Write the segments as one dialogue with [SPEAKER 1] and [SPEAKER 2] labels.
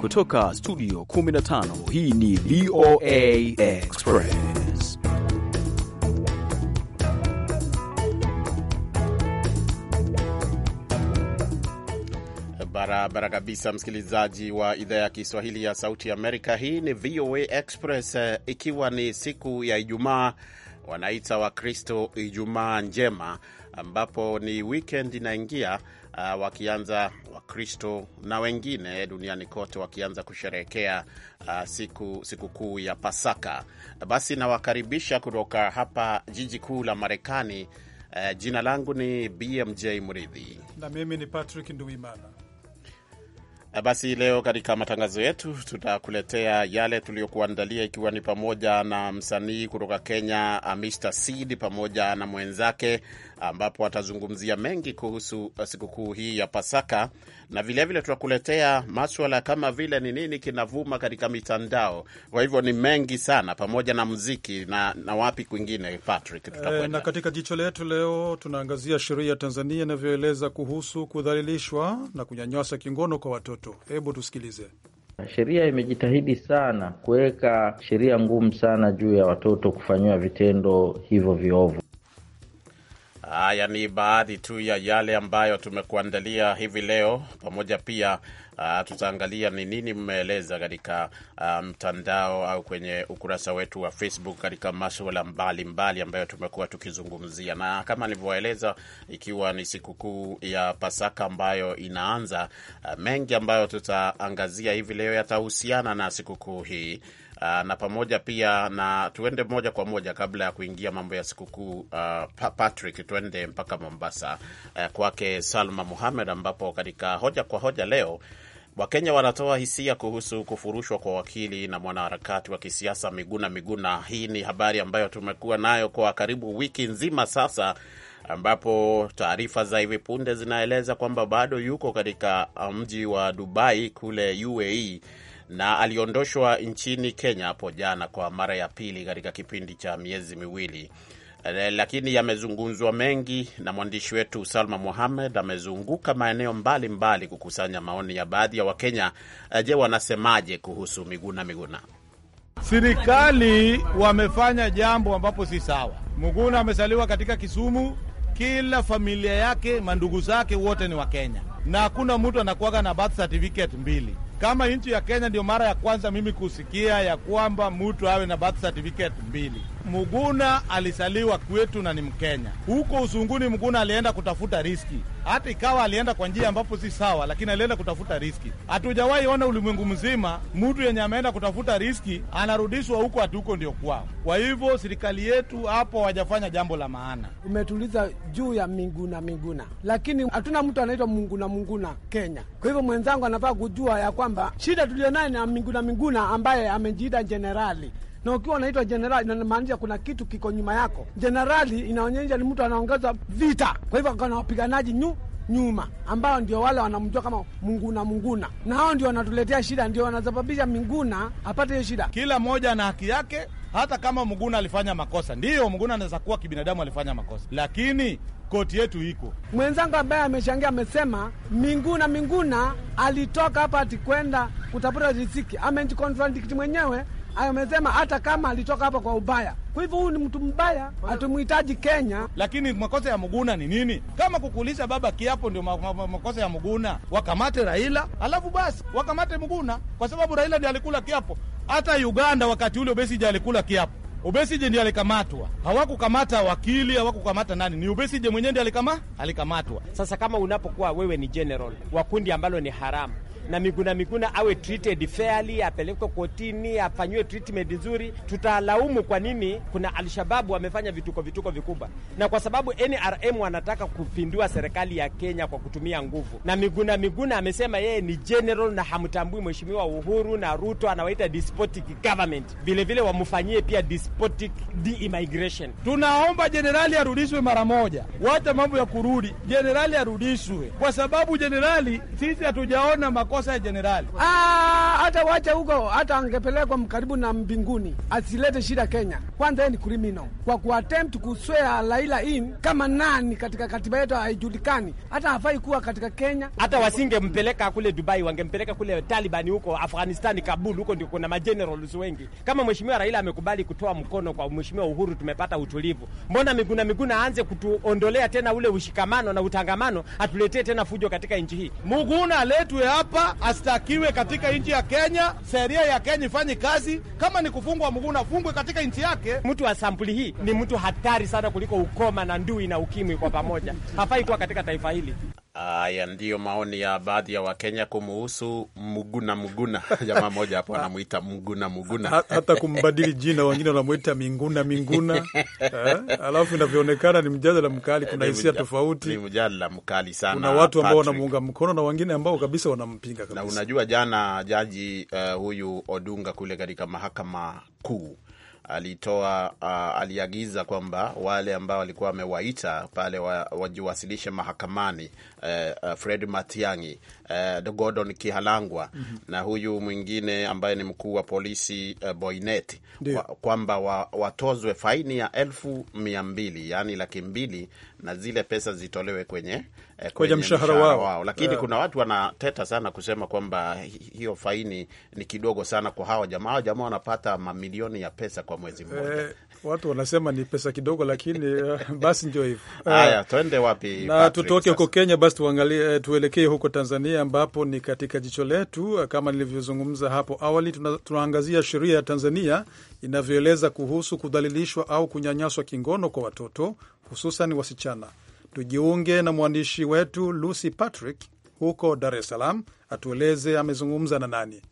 [SPEAKER 1] Kutoka studio 15 hii ni VOA
[SPEAKER 2] Express. Barabara kabisa, msikilizaji wa idhaa ya Kiswahili ya Sauti Amerika. Hii ni VOA Express, eh, ikiwa ni siku ya Ijumaa wanaita Wakristo Ijumaa Njema, ambapo ni wikend inaingia uh, wakianza Wakristo na wengine duniani kote wakianza kusherehekea uh, siku sikukuu ya Pasaka. Basi nawakaribisha kutoka hapa jiji kuu la Marekani. Uh, jina langu ni BMJ Mridhi
[SPEAKER 3] na mimi ni Patrick Nduimana.
[SPEAKER 2] Uh, basi leo katika matangazo yetu tutakuletea yale tuliyokuandalia, ikiwa ni pamoja na msanii kutoka Kenya uh, Mr Seed pamoja na mwenzake ambapo atazungumzia mengi kuhusu uh, sikukuu hii ya Pasaka na vilevile tutakuletea maswala kama vile ni nini kinavuma katika mitandao. Kwa hivyo ni mengi sana, pamoja na mziki na, na wapi kwingine Patrick, e, na
[SPEAKER 3] katika jicho letu leo tunaangazia sheria ya Tanzania inavyoeleza kuhusu kudhalilishwa na kunyanyasa kingono kwa
[SPEAKER 4] watoto. Hebu tusikilize. Sheria imejitahidi sana kuweka sheria ngumu sana juu ya watoto kufanyiwa vitendo hivyo viovu.
[SPEAKER 2] Haya ni baadhi tu ya yale ambayo tumekuandalia hivi leo, pamoja pia uh, tutaangalia ni nini mmeeleza katika uh, mtandao au kwenye ukurasa wetu wa Facebook katika maswala mbalimbali ambayo tumekuwa tukizungumzia, na kama nilivyoeleza, ikiwa ni sikukuu ya Pasaka ambayo inaanza, uh, mengi ambayo tutaangazia hivi leo yatahusiana na sikukuu hii Uh, na pamoja pia na tuende moja kwa moja kabla ya kuingia mambo ya sikukuu uh, Patrick, tuende mpaka Mombasa uh, kwake Salma Muhamed, ambapo katika hoja kwa hoja leo Wakenya wanatoa hisia kuhusu kufurushwa kwa wakili na mwanaharakati wa kisiasa Miguna Miguna. Hii ni habari ambayo tumekuwa nayo kwa karibu wiki nzima sasa, ambapo taarifa za hivi punde zinaeleza kwamba bado yuko katika ah, mji wa Dubai kule UAE na aliondoshwa nchini Kenya hapo jana kwa mara ya pili katika kipindi cha miezi miwili. Eh, lakini yamezungumzwa mengi na mwandishi wetu Salma Mohamed amezunguka maeneo mbalimbali mbali kukusanya maoni ya baadhi ya Wakenya. Eh, je, wanasemaje kuhusu Miguna Miguna? Serikali
[SPEAKER 5] wamefanya jambo ambapo si sawa. Muguna amezaliwa katika Kisumu, kila familia yake, mandugu zake wote ni Wakenya, na hakuna mtu anakuwaga na birth certificate mbili kama nchi ya Kenya. Ndio mara ya kwanza mimi kusikia ya kwamba mtu awe na birth certificate mbili. Muguna alisaliwa kwetu na ni Mkenya. Huko Usunguni, Muguna alienda kutafuta riski, hata ikawa alienda kwa njia ambapo si sawa, lakini alienda kutafuta riski. Hatujawahi ona ulimwengu mzima mtu yenye ameenda kutafuta riski anarudishwa huko, hati huko ndio kwao. Kwa hivyo serikali yetu hapo hawajafanya jambo la maana.
[SPEAKER 6] Umetuliza juu ya Minguna Minguna, lakini hatuna mtu anaitwa Munguna Munguna Kenya. Kwa hivyo mwenzangu anafaa kujua ya kwamba shida tulionayo na Minguna Minguna ambaye amejiita jenerali na ukiwa unaitwa jenerali inamaanisha kuna kitu kiko nyuma yako. Jenerali inaonyesha ni mtu anaongeza vita, kwa hivyo kuna wapiganaji nyu nyuma ambao ndio wale wanamjua kama Munguna Munguna, na hao ndio wanatuletea shida, ndio wanasababisha Minguna apate hiyo shida. Kila mmoja na haki yake.
[SPEAKER 5] Hata kama Mguna alifanya makosa, ndiyo Mguna anaweza kuwa kibinadamu alifanya makosa, lakini koti yetu iko.
[SPEAKER 6] Mwenzangu ambaye ameshangia amesema Minguna Minguna alitoka hapa atikwenda kutafuta riziki, amejikonfrontikiti mwenyewe amesema hata kama alitoka hapa kwa ubaya. Kwa hivyo huyu ni mtu mbaya, hatumhitaji Kenya. Lakini makosa ya
[SPEAKER 5] Muguna ni nini? Kama kukulisha baba kiapo ndio makosa ya Muguna, wakamate Raila alafu basi wakamate Muguna kwa sababu Raila ndiye alikula kiapo. Hata Uganda wakati ule Besigye alikula kiapo. Ubesije ndiye alikamatwa, hawakukamata wakili, hawakukamata nani, ni Ubesije mwenyewe ndiye alikama alikamatwa. Sasa kama unapokuwa wewe ni general wa kundi ambalo ni haramu na Miguna Miguna awe treated fairly, apelekwe kotini, afanyiwe treatment nzuri. Tutalaumu kwa nini kuna Alshababu wamefanya vituko vituko vikubwa, na kwa sababu NRM wanataka kupindua serikali ya Kenya kwa kutumia nguvu, na Miguna Miguna amesema yeye ni general na hamtambui mheshimiwa Uhuru na Ruto, anawaita despotic government. Vilevile wamfanyie pia despotic de-immigration. Tunaomba jenerali arudishwe mara moja, wacha
[SPEAKER 6] mambo ya kurudi, jenerali arudishwe kwa sababu jenerali, sisi hatujaona makosa cosa general. Ah. hata wacha huko, hata angepelekwa karibu na mbinguni, asilete shida Kenya. Kwanza yeye ni krimino kwa kuattempt kuswea Laila in kama nani katika katiba yetu haijulikani, hata hafai kuwa katika Kenya. Hata
[SPEAKER 5] wasingempeleka kule Dubai, wangempeleka kule Talibani huko Afghanistani, Kabul, huko ndio kuna majenerals wengi. Kama mheshimiwa Raila amekubali kutoa mkono kwa mheshimiwa Uhuru, tumepata utulivu. Mbona Miguna Miguna aanze kutuondolea tena ule ushikamano na utangamano, atuletee tena fujo katika nchi hii? Muguna aletwe hapa, astakiwe katika nchi ya Kenya. Kenya, sheria ya Kenya ifanye kazi. Kama ni kufungwa mguu, nafungwe katika nchi yake. Mtu wa sampuli hii ni mtu hatari sana kuliko ukoma na ndui na ukimwi kwa
[SPEAKER 3] pamoja,
[SPEAKER 2] hafai kuwa katika taifa hili. Haya ndiyo maoni ya baadhi ya Wakenya kumuhusu Muguna Muguna. Jamaa moja hapo anamwita Muguna Muguna,
[SPEAKER 3] hata kumbadili jina, wengine wanamwita Minguna Minguna. Eh,
[SPEAKER 2] alafu inavyoonekana ni mjadala mkali, kuna hisia tofauti, ni mjadala mkali sana. Kuna watu ambao wanamuunga
[SPEAKER 3] mkono na wengine ambao kabisa wanampinga kabisa. Na unajua
[SPEAKER 2] jana jaji uh, huyu Odunga kule katika mahakama kuu alitoa uh, aliagiza kwamba wale ambao walikuwa wamewaita pale wajiwasilishe mahakamani uh, Fred Matiangi, uh, Gordon Kihalangwa mm -hmm. na huyu mwingine ambaye ni mkuu wa polisi uh, Boinet kwamba wa, watozwe faini ya elfu mia mbili yaani laki mbili na zile pesa zitolewe kwenye kwenye, mshahara wao, wao. Lakini yeah. Kuna watu wanateta sana kusema kwamba hiyo faini ni kidogo sana kwa hawa jamaa. Hawa jamaa wanapata mamilioni ya pesa kwa mwezi mmoja
[SPEAKER 3] eh, watu wanasema ni pesa kidogo, lakini basi ndio hivyo. Haya, twende wapi na tutoke huko Kenya basi basi tuangalie, eh, tuelekee huko Tanzania ambapo ni katika jicho letu. Eh, kama nilivyozungumza hapo awali, tuna, tunaangazia sheria ya Tanzania inavyoeleza kuhusu kudhalilishwa au kunyanyaswa kingono kwa watoto hususan wasichana. Tujiunge na mwandishi wetu Lucy Patrick huko Dar es Salaam atueleze amezungumza na nani.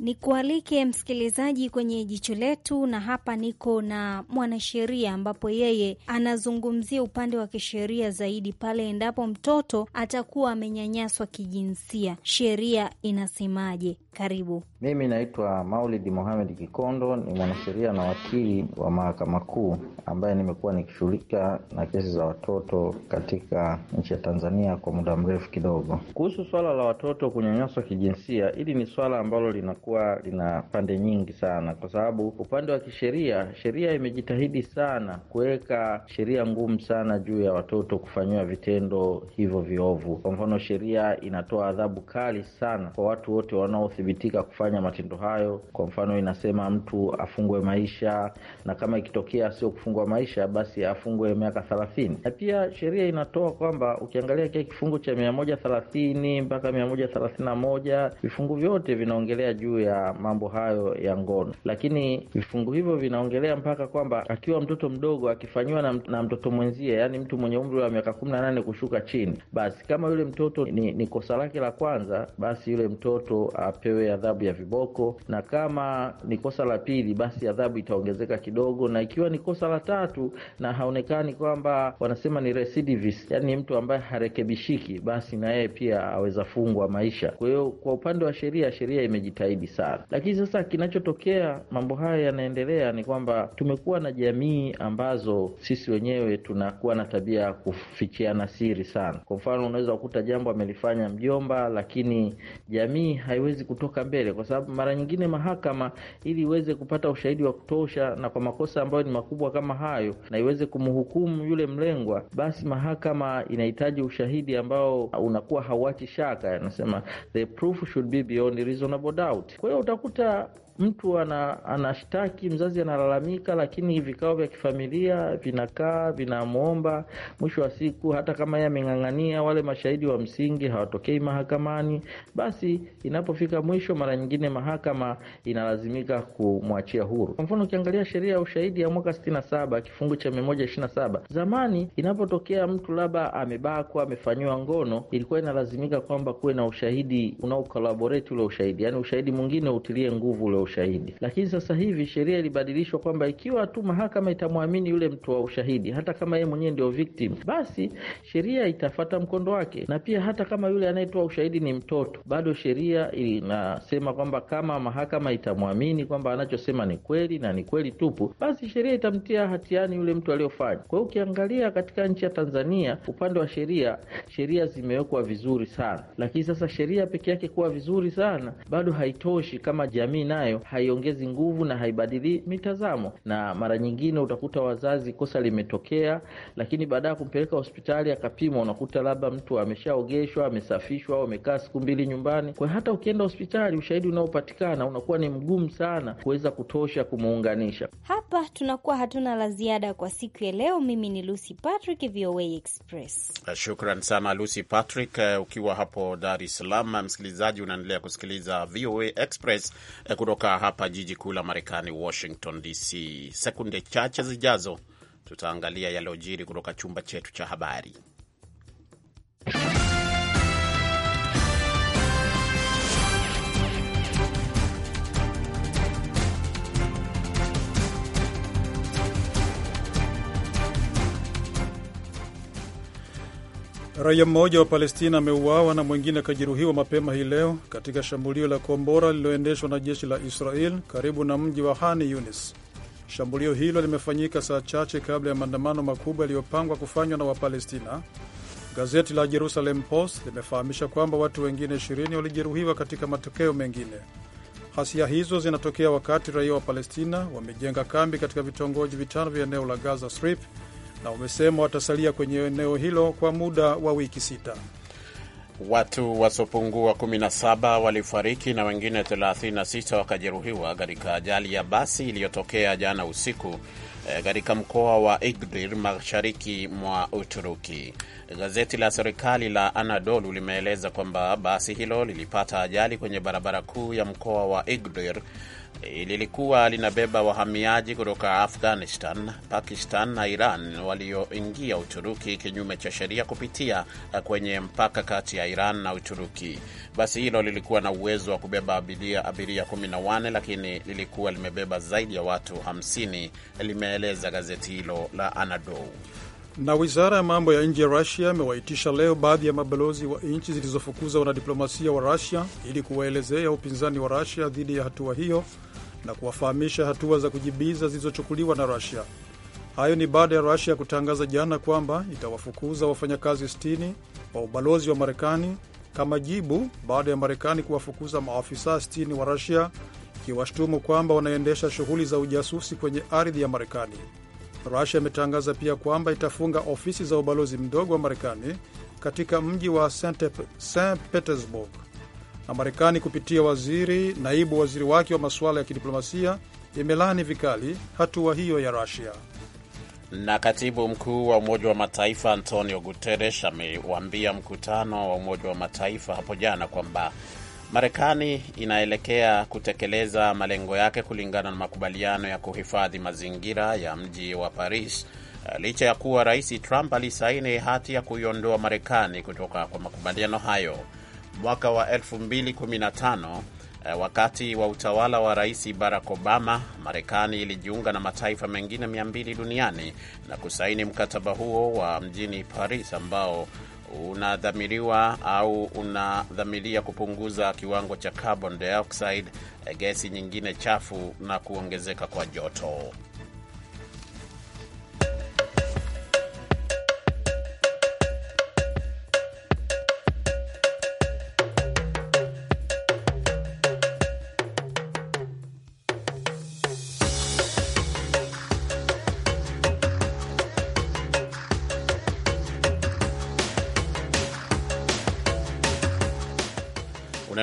[SPEAKER 1] Ni kualike msikilizaji kwenye jicho letu, na hapa niko na mwanasheria ambapo yeye anazungumzia upande wa kisheria zaidi pale endapo mtoto atakuwa amenyanyaswa kijinsia, sheria inasemaje? Karibu.
[SPEAKER 4] Mimi naitwa Maulid Mohamed Kikondo, ni mwanasheria na wakili wa Mahakama Kuu ambaye nimekuwa nikishughulika na kesi za watoto katika nchi ya Tanzania kwa muda mrefu kidogo. Kuhusu swala la watoto kunyanyaswa kijinsia, hili ni swala ambalo linakuwa lina pande nyingi sana, kwa sababu upande wa kisheria, sheria imejitahidi sana kuweka sheria ngumu sana juu ya watoto kufanyiwa vitendo hivyo viovu. Kwa mfano, sheria inatoa adhabu kali sana kwa watu wote wanaothibitika kufanya kufanya matendo hayo. Kwa mfano, inasema mtu afungwe maisha, na kama ikitokea sio kufungwa maisha, basi afungwe miaka thelathini. Na pia sheria inatoa kwamba ukiangalia kile kifungu cha mia moja thelathini mpaka mia moja thelathini na moja vifungu vyote vinaongelea juu ya mambo hayo ya ngono, lakini vifungu hivyo vinaongelea mpaka kwamba akiwa mtoto mdogo akifanyiwa na, na mtoto mwenzie, yaani mtu mwenye umri wa miaka kumi na nane kushuka chini, basi kama yule mtoto ni, ni kosa lake la kwanza, basi yule mtoto apewe adhabu ya viboko, na kama ni kosa la pili, basi adhabu itaongezeka kidogo, na ikiwa ni kosa la tatu na haonekani kwamba wanasema ni recidivist, yani mtu ambaye harekebishiki, basi na yeye pia aweza fungwa maisha. Kwa hiyo kwa upande wa sheria, sheria imejitahidi sana, lakini sasa kinachotokea, mambo haya yanaendelea, ni kwamba tumekuwa na jamii ambazo sisi wenyewe tunakuwa na tabia ya kufichiana siri sana. Kwa mfano, unaweza kukuta jambo amelifanya mjomba, lakini jamii haiwezi kutoka mbele kwa sababu mara nyingine mahakama ili iweze kupata ushahidi wa kutosha, na kwa makosa ambayo ni makubwa kama hayo, na iweze kumhukumu yule mlengwa, basi mahakama inahitaji ushahidi ambao unakuwa hauachi shaka, anasema the proof should be beyond reasonable doubt. Kwa hiyo utakuta mtu ana, anashtaki mzazi analalamika, lakini vikao vya kifamilia vinakaa vinamwomba. Mwisho wa siku, hata kama yeye ameng'ang'ania, wale mashahidi wa msingi hawatokei mahakamani, basi inapofika mwisho, mara nyingine mahakama inalazimika kumwachia huru. Kwa mfano, ukiangalia sheria ya ushahidi ya mwaka sitini na saba kifungu cha mia moja na saba zamani, inapotokea mtu labda amebakwa, amefanyiwa ngono, ilikuwa inalazimika kwamba kuwe na ushahidi unaokolaborate ule ushahidi, yani ushahidi mwingine utilie nguvu ule ushahidi ushahidi. Lakini sasa hivi sheria ilibadilishwa kwamba ikiwa tu mahakama itamwamini yule mtoa ushahidi, hata kama yeye mwenyewe ndio victim, basi sheria itafata mkondo wake, na pia hata kama yule anayetoa ushahidi ni mtoto, bado sheria inasema kwamba kama mahakama itamwamini kwamba anachosema ni kweli na ni kweli tupu, basi sheria itamtia hatiani yule mtu aliyofanya. Kwa hiyo ukiangalia katika nchi ya Tanzania upande wa sheria, sheria zimewekwa vizuri sana, lakini sasa sheria peke yake kuwa vizuri sana bado haitoshi kama jamii nayo nayo haiongezi nguvu na haibadili mitazamo. Na mara nyingine utakuta wazazi, kosa limetokea, lakini baada ya kumpeleka hospitali akapimwa, unakuta labda mtu ameshaogeshwa, amesafishwa au amekaa siku mbili nyumbani. Kwa hata ukienda hospitali, ushahidi unaopatikana unakuwa ni mgumu sana kuweza kutosha kumuunganisha.
[SPEAKER 1] Hapa tunakuwa hatuna la ziada kwa siku ya leo. Mimi ni Lucy Patrick, VOA Express.
[SPEAKER 2] Eh, shukran sana Lucy Patrick, eh, ukiwa hapo Dar es Salaam. Msikilizaji, unaendelea kusikiliza VOA Express eh, kutoka kutoka hapa jiji kuu la Marekani, Washington DC. Sekunde chache zijazo, tutaangalia yaliyojiri kutoka chumba chetu cha habari.
[SPEAKER 3] Raia mmoja wa Palestina ameuawa na mwingine akajeruhiwa mapema hii leo katika shambulio la kombora lililoendeshwa na jeshi la Israel karibu na mji wa hani Yunis. Shambulio hilo limefanyika saa chache kabla ya maandamano makubwa yaliyopangwa kufanywa na Wapalestina. Gazeti la Jerusalem Post limefahamisha kwamba watu wengine 20 walijeruhiwa katika matokeo mengine. hasia hizo zinatokea wakati raia wa Palestina wamejenga kambi katika vitongoji vitano vya eneo la Gaza Strip na wamesema watasalia kwenye eneo hilo kwa muda wa wiki sita.
[SPEAKER 2] Watu wasiopungua 17 walifariki na wengine 36 wakajeruhiwa katika ajali ya basi iliyotokea jana usiku eh, katika mkoa wa Igdir mashariki mwa Uturuki. Gazeti la serikali la Anadolu limeeleza kwamba basi hilo lilipata ajali kwenye barabara kuu ya mkoa wa Igdir lilikuwa linabeba wahamiaji kutoka Afghanistan, Pakistan na Iran walioingia Uturuki kinyume cha sheria kupitia kwenye mpaka kati ya Iran na Uturuki. Basi hilo lilikuwa na uwezo wa kubeba abiria abiria 14 lakini lilikuwa limebeba zaidi ya watu 50, limeeleza gazeti hilo la Anadolu.
[SPEAKER 3] Na wizara ya mambo ya nje ya Rusia imewaitisha leo baadhi ya mabalozi wa nchi zilizofukuza wanadiplomasia wa Rusia ili kuwaelezea upinzani wa Rusia dhidi ya hatua hiyo na kuwafahamisha hatua za kujibiza zilizochukuliwa na Rusia. Hayo ni baada ya Rusia kutangaza jana kwamba itawafukuza wafanyakazi 60 wa ubalozi wa Marekani kama jibu baada ya Marekani kuwafukuza maafisa 60 wa Rusia ikiwashtumu kwamba wanaendesha shughuli za ujasusi kwenye ardhi ya Marekani. Rusia imetangaza pia kwamba itafunga ofisi za ubalozi mdogo wa Marekani katika mji wa St Petersburg, na Marekani kupitia waziri naibu waziri wake wa masuala ya kidiplomasia imelaani vikali hatua hiyo ya Rusia.
[SPEAKER 2] Na katibu mkuu wa Umoja wa Mataifa Antonio Guterres amewaambia mkutano wa Umoja wa Mataifa hapo jana kwamba Marekani inaelekea kutekeleza malengo yake kulingana na makubaliano ya kuhifadhi mazingira ya mji wa Paris licha ya kuwa Rais Trump alisaini hati ya kuiondoa Marekani kutoka kwa makubaliano hayo mwaka wa 2015. Eh, wakati wa utawala wa Rais Barack Obama, Marekani ilijiunga na mataifa mengine 200 duniani na kusaini mkataba huo wa mjini Paris ambao unadhamiriwa au unadhamiria kupunguza kiwango cha carbon dioxide, gesi nyingine chafu na kuongezeka kwa joto.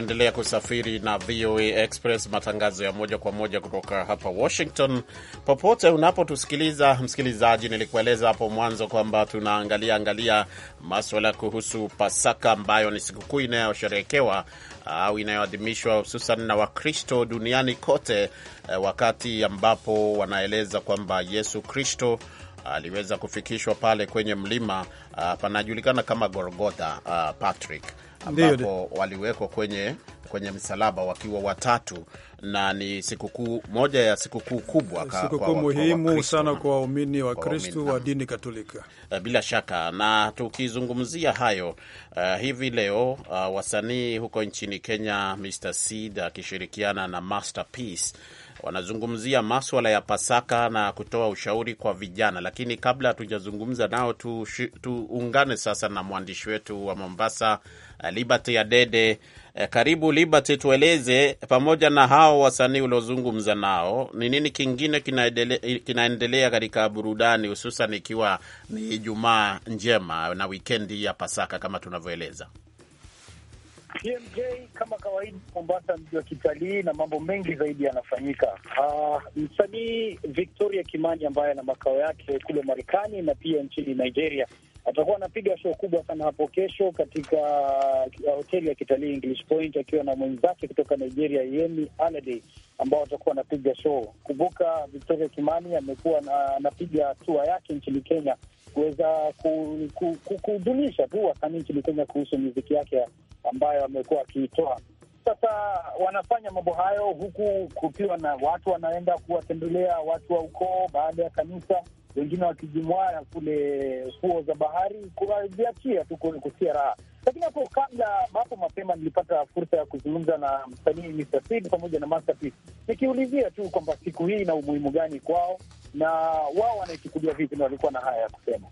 [SPEAKER 2] Unaendelea kusafiri na VOA Express, matangazo ya moja kwa moja kutoka hapa Washington. Popote unapotusikiliza, msikilizaji, nilikueleza hapo mwanzo kwamba tunaangalia angalia maswala kuhusu Pasaka ambayo ni sikukuu inayosherehekewa au inayoadhimishwa hususan na Wakristo duniani kote, eh, wakati ambapo wanaeleza kwamba Yesu Kristo aliweza kufikishwa pale kwenye mlima, ah, panajulikana kama gorgotha ah, Patrick ambapo waliwekwa kwenye kwenye msalaba wakiwa watatu, na ni sikukuu moja ya sikukuu kubwa, sikukuu muhimu wa sana
[SPEAKER 3] kwa waumini wa Kristu wa dini
[SPEAKER 2] Katolika. Eh, bila shaka, na tukizungumzia hayo uh, hivi leo uh, wasanii huko nchini Kenya Mr Seed akishirikiana na Masterpiece wanazungumzia maswala ya Pasaka na kutoa ushauri kwa vijana. Lakini kabla hatujazungumza nao, tuungane tu sasa na mwandishi wetu wa Mombasa, eh, Liberty Adede. Eh, karibu Liberty, tueleze pamoja na hao wasanii uliozungumza nao, ni nini kingine kinaendelea katika burudani, hususan ikiwa ni Ijumaa njema na wikendi ya Pasaka kama tunavyoeleza?
[SPEAKER 7] BMJ kama kawaida, Mombasa mji wa kitalii na mambo mengi zaidi yanafanyika. Uh, msanii Victoria Kimani ambaye ana makao yake kule Marekani na pia nchini Nigeria atakuwa anapiga show kubwa sana hapo kesho katika uh, hoteli ya kitalii English Point akiwa na mwenzake kutoka Nigeria Yemi Alade ambao watakuwa anapiga show. Kumbuka Victoria Kimani amekuwa anapiga tour yake nchini Kenya kuweza kuhudumisha ku, ku, tu wasanii nchini Kenya kuhusu muziki yake ya ambayo wamekuwa wakiitoa. Sasa wanafanya mambo hayo huku kukiwa na watu wanaenda kuwatembelea watu wa ukoo baada ya kanisa, wengine wakijimwaya kule fuo za bahari kuwajiachia tu kusia raha. Lakini hapo kabla, hapo mapema, nilipata fursa ya kuzungumza na msanii Mr Seed pamoja na Masterpiece, nikiulizia tu kwamba siku hii ina umuhimu gani kwao na wao wanaichukulia vipi, na walikuwa na haya ya kusema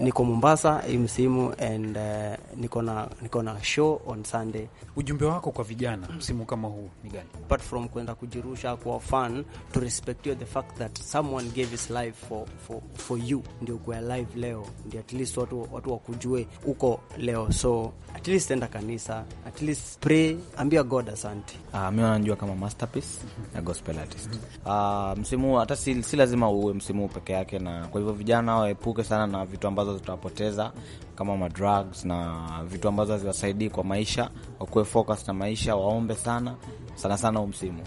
[SPEAKER 8] niko Mombasa hii msimu and uh, niko na niko na show on Sunday. Ujumbe wako kwa vijana msimu kama huu ni gani? Apart from kwenda kujirusha kwa fun, to respect you the fact that someone gave his life for for for you, ndio kwa live leo, ndio at least watu watu wakujue uko leo, so at least enda kanisa, at least pray, ambia God asante.
[SPEAKER 5] Ah, uh, mimi najua kama masterpiece na gospel artist.
[SPEAKER 8] Ah, uh, msimu
[SPEAKER 5] hata si, si lazima uwe msimu peke yake, na kwa hivyo vijana waepuke sana na vitu ambazo ambazo zitawapoteza kama madrugs na vitu ambazo haziwasaidii kwa maisha. Wakuwe focus na maisha, waombe sana sana sana huu msimu.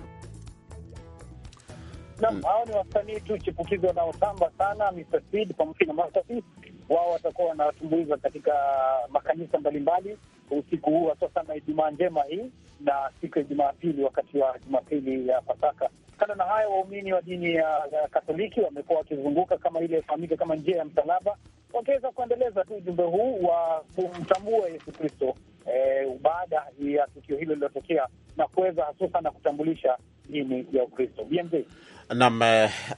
[SPEAKER 7] Naam, hao ni wasanii tu chipukizi wanaotamba sana, Mr Speed pamoja na Master P. Wao watakuwa wanatumbuiza katika makanisa mbalimbali usiku huu, hasa sana Ijumaa njema hii na siku ya Jumapili, wakati wa Jumapili ya Pasaka. Kando na hayo, waumini wa dini ya Katoliki wamekuwa wakizunguka kama ile fahamika kama njia ya msalaba wangeweza kuendeleza tu ujumbe huu wa kumtambua Yesu Kristo eh, baada ya tukio hilo lililotokea na kuweza hasusa na kutambulisha dini ya Ukristo. BMJ
[SPEAKER 2] Naam,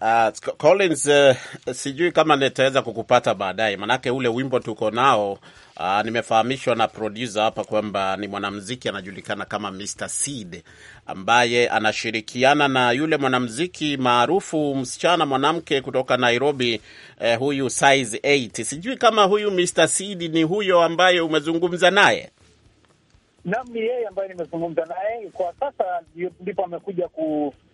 [SPEAKER 2] uh, Collins uh, sijui kama nitaweza kukupata baadaye, manake ule wimbo tuko nao uh, nimefahamishwa na producer hapa kwamba ni mwanamuziki anajulikana kama Mr Seed ambaye anashirikiana na yule mwanamuziki maarufu msichana mwanamke kutoka Nairobi uh, huyu size 8. Sijui kama huyu Mr Seed ni huyo ambaye umezungumza naye?
[SPEAKER 7] Naam, ni yeye ambaye nimezungumza naye. Kwa sasa ndipo amekuja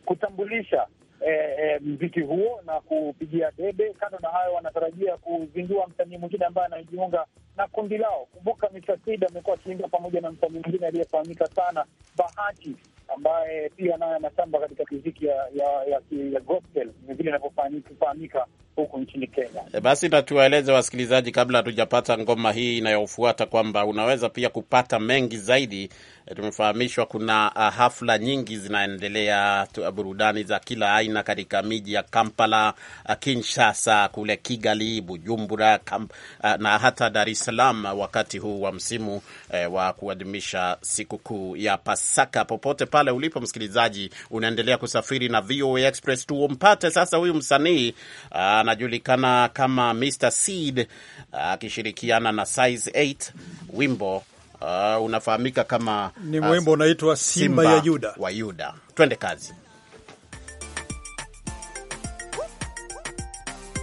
[SPEAKER 7] kutambulisha mziki eh, e, eh, mziki huo na kupigia debe. Kando na hayo, wanatarajia kuzindua msanii mwingine ambaye anajiunga na kundi lao. Kumbuka Mr. amekuwa akiimba pamoja na msanii mwingine aliyefahamika sana Bahati, ambaye pia naye anatamba katika miziki ya, ya, ya, ya gospel vile inavyofahamika huku nchini Kenya.
[SPEAKER 2] E, basi natuwaeleze wasikilizaji kabla hatujapata ngoma hii inayofuata kwamba unaweza pia kupata mengi zaidi tumefahamishwa kuna ah, hafla nyingi zinaendelea, ah, burudani za kila aina katika miji ya Kampala, ah, Kinshasa, kule Kigali, Bujumbura kamp, na hata Dar es Salaam wakati huu wa msimu eh, wa kuadhimisha sikukuu ya Pasaka. Popote pale ulipo msikilizaji, unaendelea kusafiri na VOA Express. Tumpate sasa huyu msanii anajulikana kama Mr Seed akishirikiana na Size 8 wimbo uh, unafahamika kama ni mwimbo ah, unaitwa Simba, Simba ya Yuda wa Yuda. Twende kazi.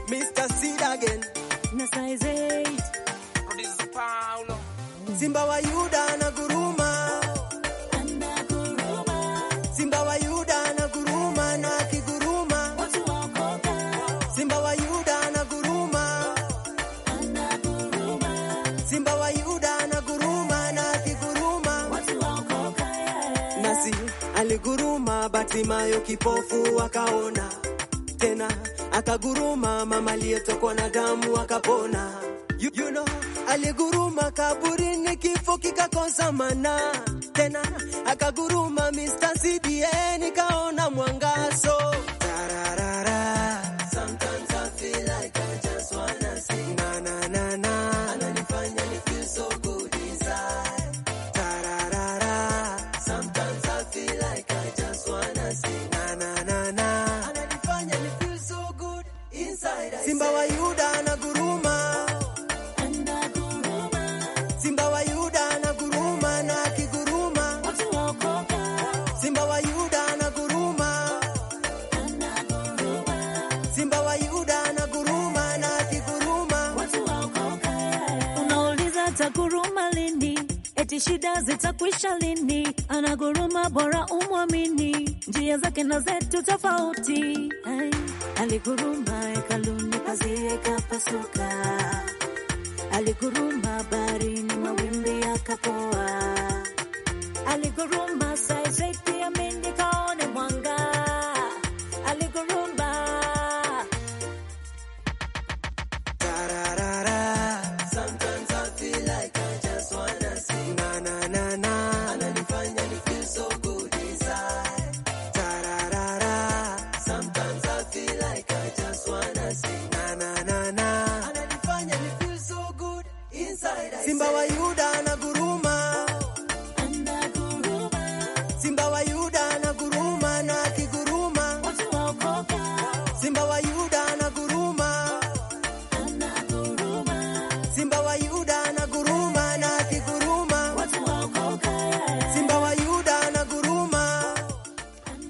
[SPEAKER 8] Mr. Simba wa Yuda na guruma nayo kipofu akaona tena, akaguruma mama aliyetokwa na damu akapona. You, you know, aliguruma kaburini, kifo kikakosa mana tena, akaguruma Mr. CBN kaona mwangazo shida zitakwisha lini? Anaguruma, bora umwamini, njia zake na zetu tofauti. Aliguruma hekaluni, pazia ikapasuka. Aliguruma baharini, mawimbi yakapoa. Aliguruma saizeti Simba wa Yuda na guruma, Simba wa Yuda na guruma na kiguruma, Simba wa Yuda na guruma, Simba wa Yuda na guruma na kiguruma, Simba wa Yuda na guruma,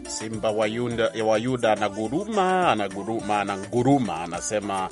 [SPEAKER 2] Simba wa Yuda na na guruma guruma na guruma anasema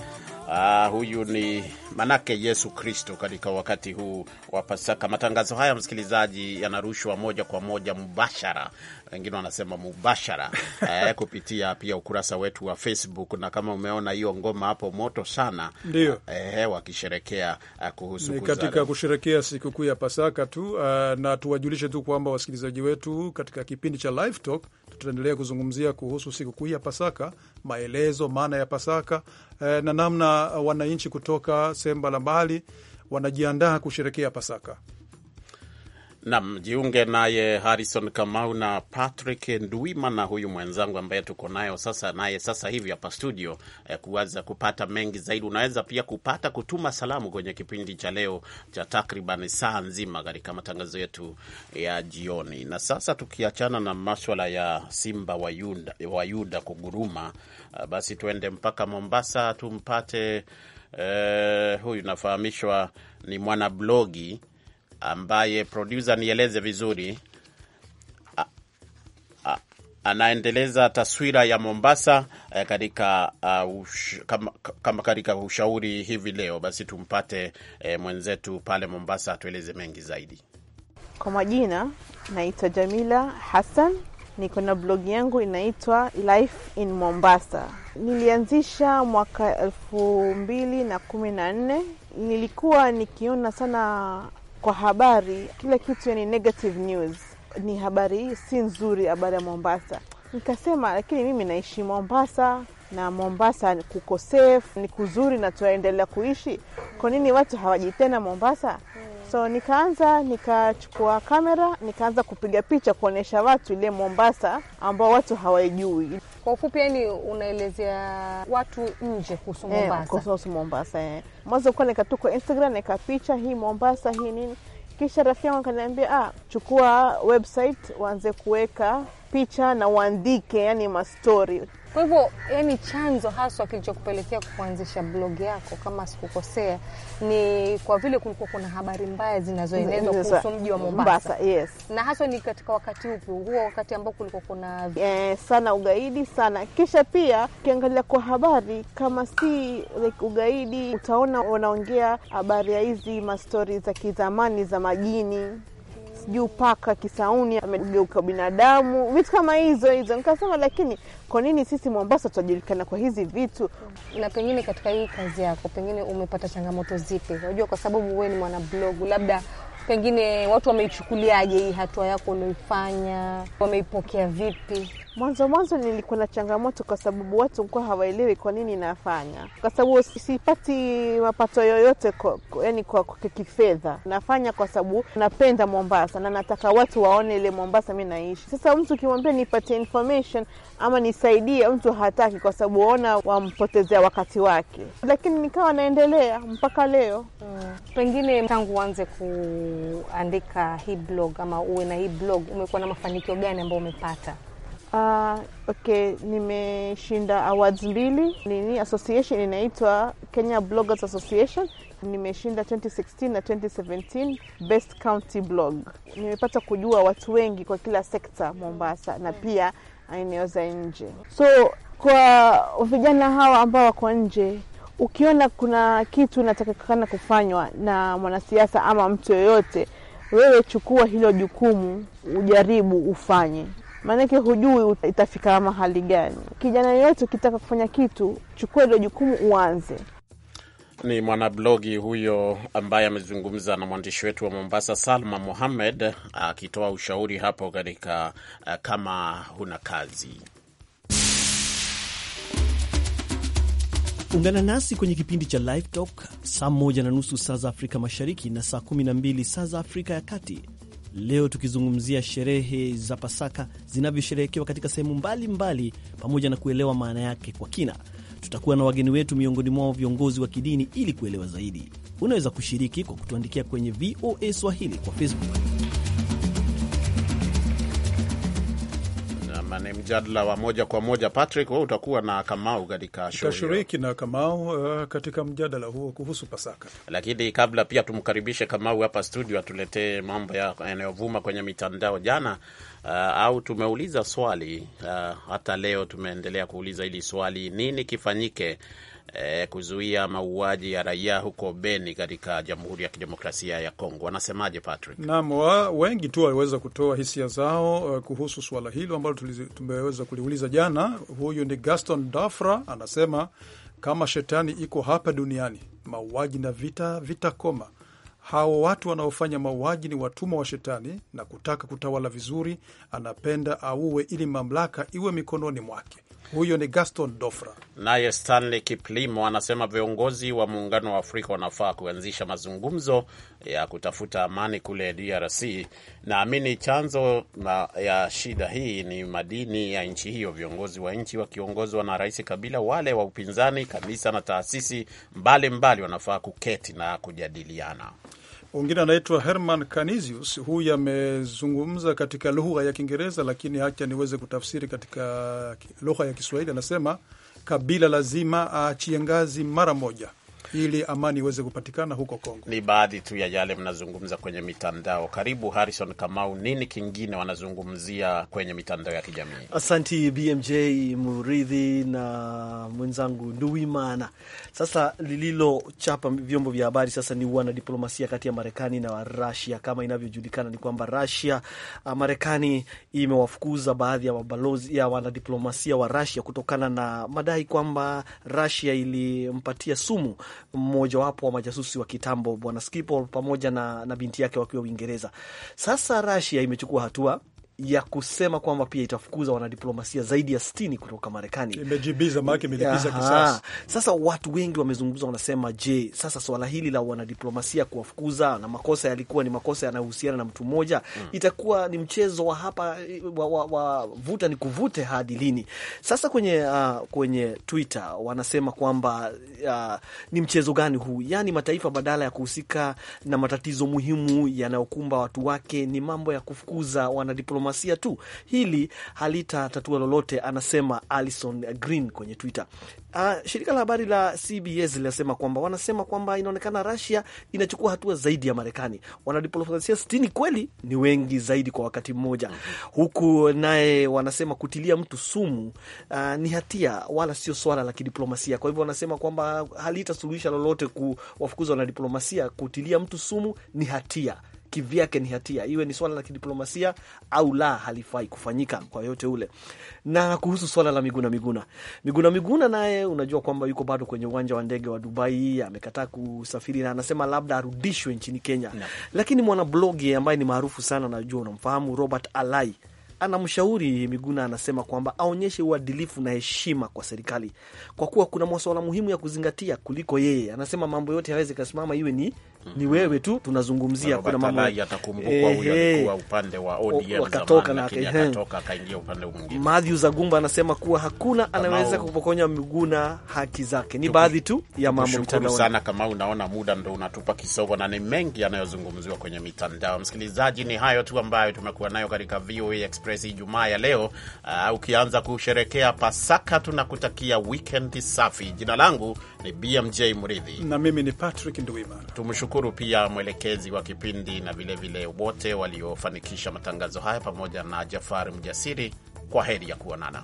[SPEAKER 2] Ah, huyu ni manake Yesu Kristo katika wakati huu wa Pasaka. Matangazo haya msikilizaji, yanarushwa moja kwa moja mubashara, wengine wanasema mubashara eh, kupitia pia ukurasa wetu wa Facebook, na kama umeona hiyo ngoma hapo moto sana, ndio eh, wakisherekea eh, kuhusu ni katika
[SPEAKER 3] kusherekea sikukuu ya Pasaka tu. Uh, na tuwajulishe tu kwamba wasikilizaji wetu katika kipindi cha Live Talk tutaendelea kuzungumzia kuhusu sikukuu hii ya Pasaka, maelezo maana ya Pasaka e, na namna eh, wananchi kutoka sehemu mbalimbali wanajiandaa kusherekea Pasaka.
[SPEAKER 2] Nam jiunge naye Harrison Kamau na Patrick na huyu mwenzangu ambaye tuko nayo sasa naye sasa hivi hapa studio eh, kuweza kupata mengi zaidi. Unaweza pia kupata kutuma salamu kwenye kipindi cha leo cha takriban saa nzima katika matangazo yetu ya jioni. Na sasa tukiachana na maswala ya Simba wayuda, Yuda kuguruma, eh, basi tuende mpaka Mombasa tumpate eh, huyu nafahamishwa ni mwanablogi ambaye produsa nieleze vizuri anaendeleza taswira ya Mombasa eh, katika uh, ush, kama, kama katika ushauri hivi leo, basi tumpate eh, mwenzetu pale Mombasa atueleze mengi zaidi.
[SPEAKER 9] Kwa majina naitwa Jamila Hassan, niko na blogi yangu inaitwa Life in Mombasa. Nilianzisha mwaka elfu mbili na kumi na nne. Nilikuwa nikiona sana kwa habari, kila kitu ni negative news, ni habari si nzuri, habari ya Mombasa. Nikasema lakini mimi naishi Mombasa na Mombasa kuko safe, ni kuzuri na tunaendelea kuishi. Kwa nini watu hawajitena Mombasa? So nikaanza nikachukua kamera nikaanza kupiga picha kuonyesha watu ile Mombasa ambao watu hawaijui. Kwa ufupi, yani unaelezea watu nje kuhusu eh, Mombasa, kuhusu Mombasa. Eh. Mwanzo kuwa nikatuka Instagram nikapicha hii Mombasa hii nini, kisha rafiki yangu akaniambia, ah, chukua website waanze kuweka picha na uandike, yani mastori kwa hivyo, yani chanzo haswa kilichokupelekea kuanzisha blog yako, kama sikukosea, ni kwa vile kulikuwa kuna habari mbaya zinazoenezwa kuhusu mji wa Mombasa. Yes. Na haswa ni katika wakati upi huo, wakati ambao kulikuwa kuna eh, sana ugaidi sana. Kisha pia ukiangalia kwa habari kama si like ugaidi, utaona wanaongea habari ya hizi mastori za kizamani za majini sijui paka kisauni amegeuka binadamu, vitu kama hizo hizo. Nikasema, lakini kwa nini sisi Mombasa tunajulikana kwa hizi vitu? Na pengine katika hii kazi yako, pengine umepata changamoto zipi? Unajua, kwa sababu wewe ni mwanablogu, labda pengine watu wameichukuliaje hii hatua yako ulioifanya, wameipokea vipi? Mwanzo mwanzo nilikuwa na changamoto kwa sababu watu nkuwa hawaelewi kwa nini nafanya, kwa sababu sipati mapato yoyote kwa, yani kwa kifedha. Nafanya kwa sababu napenda Mombasa na nataka watu waone ile Mombasa mi naishi. Sasa mtu ukimwambia nipate information ama nisaidie, mtu hataki kwa sababu waona wampotezea wakati wake, lakini nikawa naendelea mpaka leo. Hmm. Pengine tangu uanze kuandika hii blog ama uwe na hii blog, umekuwa na mafanikio gani ambayo umepata? Uh, okay, nimeshinda awards mbili. Nini association inaitwa Kenya Bloggers Association. Nimeshinda 2016 na 2017 best county blog. Nimepata kujua watu wengi kwa kila sekta Mombasa na pia eneo za nje. So kwa vijana hawa ambao wako nje, ukiona kuna kitu natakikana kufanywa na mwanasiasa ama mtu yoyote, wewe chukua hilo jukumu, ujaribu, ufanye maanake hujui itafika mahali gani. Kijana yoyote ukitaka kufanya kitu, chukua hilo jukumu uanze.
[SPEAKER 2] Ni mwanablogi huyo ambaye amezungumza na mwandishi wetu wa Mombasa, Salma Mohamed, akitoa ushauri hapo katika eh, kama huna kazi.
[SPEAKER 1] Ungana nasi kwenye kipindi cha Live Talk saa moja na nusu saa za Afrika Mashariki na saa kumi na mbili saa za Afrika ya Kati leo tukizungumzia sherehe za Pasaka zinavyosherehekewa katika sehemu mbalimbali, pamoja na kuelewa maana yake kwa kina. Tutakuwa na wageni wetu, miongoni mwao viongozi wa kidini, ili kuelewa zaidi. Unaweza kushiriki kwa kutuandikia kwenye VOA Swahili kwa Facebook.
[SPEAKER 2] sana. Ni mjadala wa moja kwa moja. Patrick, wewe utakuwa na Kamau katika show,
[SPEAKER 3] na Kamau uh, katika mjadala huo kuhusu Pasaka,
[SPEAKER 2] lakini kabla pia tumkaribishe Kamau hapa studio atuletee mambo yanayovuma kwenye mitandao jana. Uh, au tumeuliza swali uh, hata leo tumeendelea kuuliza hili swali, nini kifanyike eh, kuzuia mauaji ya raia huko Beni katika Jamhuri ya Kidemokrasia ya Kongo. Wanasemaje Patrick?
[SPEAKER 3] Naam, wengi tu waliweza kutoa hisia zao uh, kuhusu suala hilo ambalo tumeweza kuliuliza jana. Huyu ni Gaston Dafra, anasema kama shetani iko hapa duniani mauaji na vita vitakoma hao watu wanaofanya mauaji ni watumwa wa Shetani na kutaka kutawala vizuri, anapenda auwe ili mamlaka iwe mikononi mwake. Huyo ni Gaston Dofra.
[SPEAKER 2] Naye Stanley Kiplimo anasema viongozi wa Muungano wa Afrika wanafaa kuanzisha mazungumzo ya kutafuta amani kule DRC. Naamini chanzo na ya shida hii ni madini ya nchi hiyo, viongozi wa nchi wakiongozwa na Rais Kabila, wale wa upinzani, kanisa na taasisi mbalimbali wanafaa kuketi na kujadiliana.
[SPEAKER 3] Wengine anaitwa Herman Canisius, huyu amezungumza katika lugha ya Kiingereza, lakini hacha niweze kutafsiri katika lugha ya Kiswahili. Anasema Kabila lazima aachie ngazi mara moja, ili amani iweze kupatikana huko Kongo.
[SPEAKER 2] Ni baadhi tu ya yale mnazungumza kwenye mitandao. Karibu Harrison Kamau, nini kingine wanazungumzia kwenye mitandao ya kijamii?
[SPEAKER 1] Asanti BMJ Muridhi na mwenzangu Nduwimana. Sasa lililochapa vyombo vya habari sasa ni wanadiplomasia kati ya Marekani na Rasia. Kama inavyojulikana ni kwamba Rasia, ah, Marekani imewafukuza baadhi ya mabalozi ya wanadiplomasia wa Rasia kutokana na madai kwamba Rasia ilimpatia sumu mmojawapo wa majasusi wa kitambo bwana Skipal pamoja na, na binti yake wakiwa Uingereza. Sasa Russia imechukua hatua ya kusema kwamba pia itafukuza wanadiplomasia zaidi ya sitini kutoka Marekani. Imejibiza maake imelipiza kisasi. Sasa watu wengi wamezungumza, wanasema je, sasa swala hili la wanadiplomasia kuwafukuza na makosa yalikuwa ni makosa yanayohusiana na mtu mmoja mm, itakuwa ni mchezo wa hapa wa, wa, wa vuta ni kuvute hadi lini? Sasa kwenye, uh, kwenye Twitter wanasema kwamba uh, ni mchezo gani huu? Yaani mataifa badala ya kuhusika na matatizo muhimu yanayokumba watu wake ni mambo ya kufukuza wanadiplomasia diplomasia tu, hili halitatatua lolote, anasema Alison Green kwenye Twitter. Uh, shirika la habari la CBS linasema kwamba wanasema kwamba inaonekana Russia inachukua hatua zaidi ya Marekani. Wanadiplomasia sitini kweli ni wengi zaidi kwa wakati mmoja, huku naye wanasema kutilia mtu sumu uh, ni hatia wala sio swala la kidiplomasia. Kwa hivyo wanasema kwamba halitasuluhisha lolote kuwafukuza wanadiplomasia. Kutilia mtu sumu ni hatia kivyake ni hatia, iwe ni swala la kidiplomasia au la, halifai kufanyika kwa yote ule. Na kuhusu swala la Miguna Miguna, Miguna Miguna naye unajua kwamba yuko bado kwenye uwanja wa ndege wa Dubai, amekataa kusafiri na anasema labda arudishwe nchini Kenya no. Lakini mwanablogi ambaye ni maarufu sana, najua unamfahamu, Robert Alai anamshauri Miguna, anasema kwamba aonyeshe uadilifu na heshima kwa serikali, kwa kuwa kuna masuala muhimu ya kuzingatia kuliko yeye. Anasema mambo yote yaweze kasimama, iwe ni ni wewe tu tunazungumzia, kuna mambo yatakumbukwa huyo alikuwa upande
[SPEAKER 2] wa ODM wakatoka na akatoka akaingia upande mwingine.
[SPEAKER 1] Matthew Zagumba anasema kuwa hakuna anaweza kupokonya Miguna haki zake. Ni baadhi tu ya mambo mtandaoni. Sana
[SPEAKER 2] kama unaona, muda ndio unatupa kisogo na ni mengi yanayozungumziwa kwenye mitandao. Msikilizaji, ni hayo tu ambayo tumekuwa nayo katika VOA Express Ijumaa ya leo. Uh, ukianza kusherekea Pasaka, tunakutakia weekend safi. Jina langu ni BMJ Mridhi
[SPEAKER 3] na mimi ni Patrick Nduima.
[SPEAKER 2] Tumshukuru Tunamshukuru pia mwelekezi wa kipindi na vilevile wote waliofanikisha matangazo haya pamoja na Jafari Mjasiri. Kwa heri ya kuonana.